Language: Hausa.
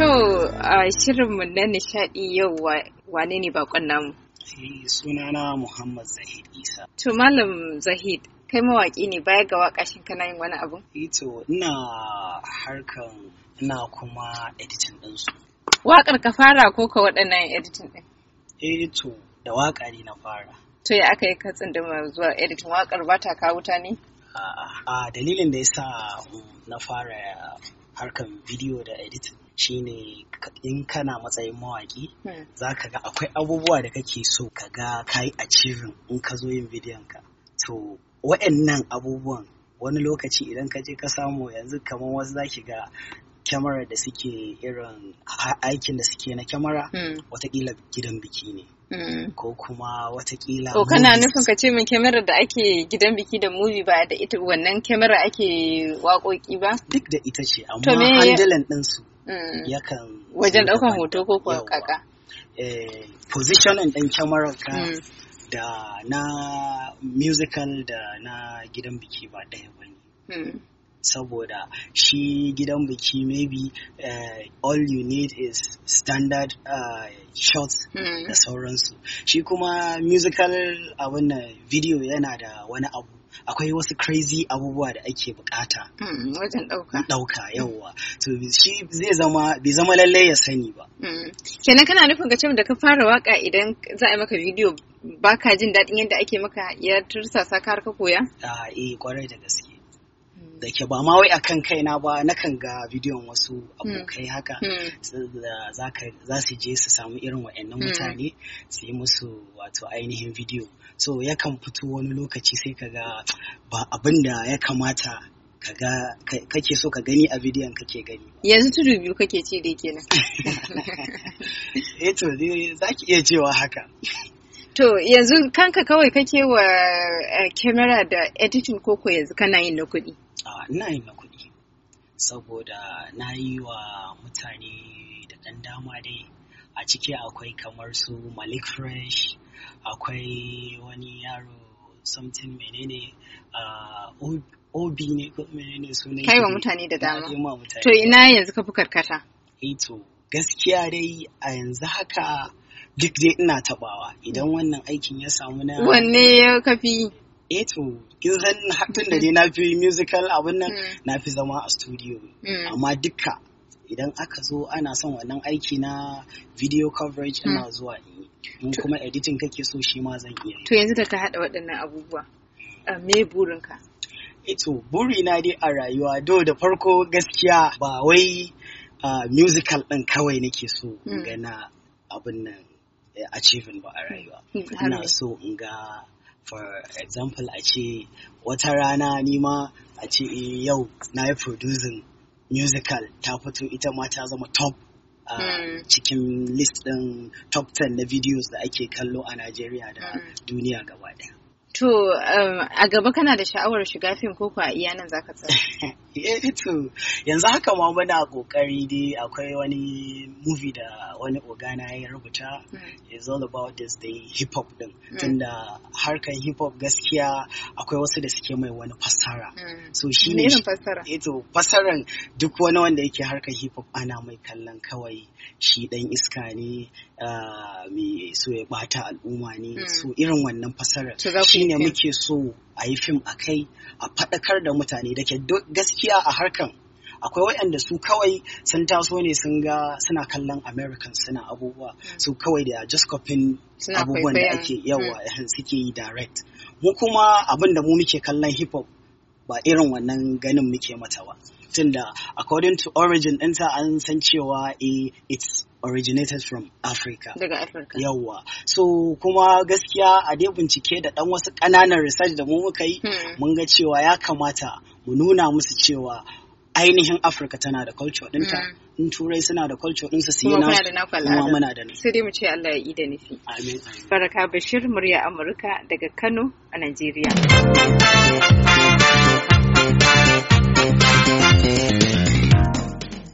To a shirinmu na nishaɗi yau wane ne bakon namu? Eh, sunana Muhammad Zahid Isa. To Malam Zahid, kai mawaƙi ne baya ga wakashin shin kana yin wani abu? Ito eh, ina harkan ina kuma editin ɗinsu. Waƙar ka fara ko ka waɗannan editin ɗin? Edito eh, da waƙa ne na fara. To ya aka yi katsin da zuwa editin waƙar ba ta kawo ta ne? A dalilin da ya sa mm, na fara harkan bidiyo da editin shine in kana matsayin mawaki hmm. za ka ga akwai abubuwa da kake so ka ga ka kayi achieving in ka zo yin bidiyon ka to wa'annan abubuwan wani lokaci idan ka je ka samu yanzu kamar wasu za ki ga kyamara da suke irin aikin da suke na kyamara hmm. watakila gidan biki ne hmm. ko kuma watakila ko kana nufin ka ce min kyamarar da ake gidan biki da movie ba da ita wannan kyamara ake waƙoƙi ba duk da ita ce amma handalin ɗinsu Mm. yakan wajen daukan hoto ko kuwa kaka eh, position din camera ka mm. da na musical da na gidan biki ba ɗaya ba ne mm. saboda shi gidan biki maybe uh, all you need is standard uh, shots da sauransu shi kuma musical abin video yana da wani abu akwai wasu crazy abubuwa da ake bukata hmm, wajen dauka dauka yawa to shi zai zama bai zama lallai ya sani ba hmm. kenan kana nufin ga cewa da ka fara waka idan za a yi maka bidiyo baka jin daɗin yadda ake maka ya tursasa ka ka koya A'a ah, eh kwarai da gaske da ke ba ma wai kai kaina ba na kan ga bidiyon wasu hmm. abokai haka hmm. da za su je su samu irin wa'annan hmm. mutane su yi musu wato ainihin bidiyo so yakan fito wani lokaci sai ka ga ba abin da ya kamata kaga kake so ka gani a bidiyon kake gani yanzu tudu biyu kake ce ke kenan eh to za ki iya cewa haka to yanzu kanka kawai kake wa kamera eh, da attitude koko yanzu kana yin na kuɗi ina yin na kuɗi saboda na yi wa mutane da ɗan dama dai a ciki akwai kamar su malik fresh akwai wani yaro something menene uh, ah, obi ne ko menene sunan kai wa mutane da dama to ina yanzu ka fi karkata eh to gaskiya dai a yanzu haka duk dai ina tabawa idan wannan aikin ya samu na wanne ya kafi Eto, eh kin san tun da na fi musical abin nan hmm. na fi zama a studio hmm. amma dukka idan aka zo ana son wannan aiki na video coverage ina hmm. zuwa in kuma editing kake so shi ma zan iya to yanzu da ka haɗa waɗannan abubuwa eh, me burinka buri eh burina dai a rayuwa do da farko gaskiya ba wai ah, musical ɗin kawai nake so gana abin nan achieving ba a rayuwa ina so in ga for example a ce wata rana nima ma a ce eh, yau na yi producing musical ta fito ita ma ta zama top a ah, hmm. cikin list ɗin top 10 na videos da ake kallo a Najeriya da hmm. duniya gaba ɗaya. To um, a gaba kana da sha'awar shiga fim ko a iya nan zaka eh, to yanzu haka ma muna kokari dai akwai wani muvi da wani ogana ya rubuta mm. is all about this day hip hop din mm. tunda harkan hip hop gaskiya akwai wasu da suke mai wani fassara. Mm. So shi ne fassara. Eh, to fasaran duk wani wanda yake harkan hip hop ana mai kallon kawai shi dan iska ne ah, mai so ya bata al'umma ne so irin wannan shi ne muke so a yi fim a kai a faɗakar da mutane da ke gaskiya a harkan akwai wayanda su kawai sun taso ne sun ga suna kallon american suna abubuwa hmm. su kawai da just copying abubuwan da ake yawa hmm. eh, suke yi direct mu kuma abin da mu muke kallon hip hop ba irin wannan ganin muke mata ba tunda according to origin ɗinta an san cewa eh, it's originated from Africa. Daga Africa. Yawwa. So kuma gaskiya a dai bincike da ɗan wasu ƙananan research da mu muka yi hmm. mun ga cewa ya kamata mu nuna musu cewa ainihin Afirka tana da culture ɗinta. Hmm. In Turai suna da culture ɗinsu su yi na kuma muna da Sai dai mu ce Allah ya yi da nufi. Amin. Baraka Bashir murya Amurka daga Kano a Najeriya.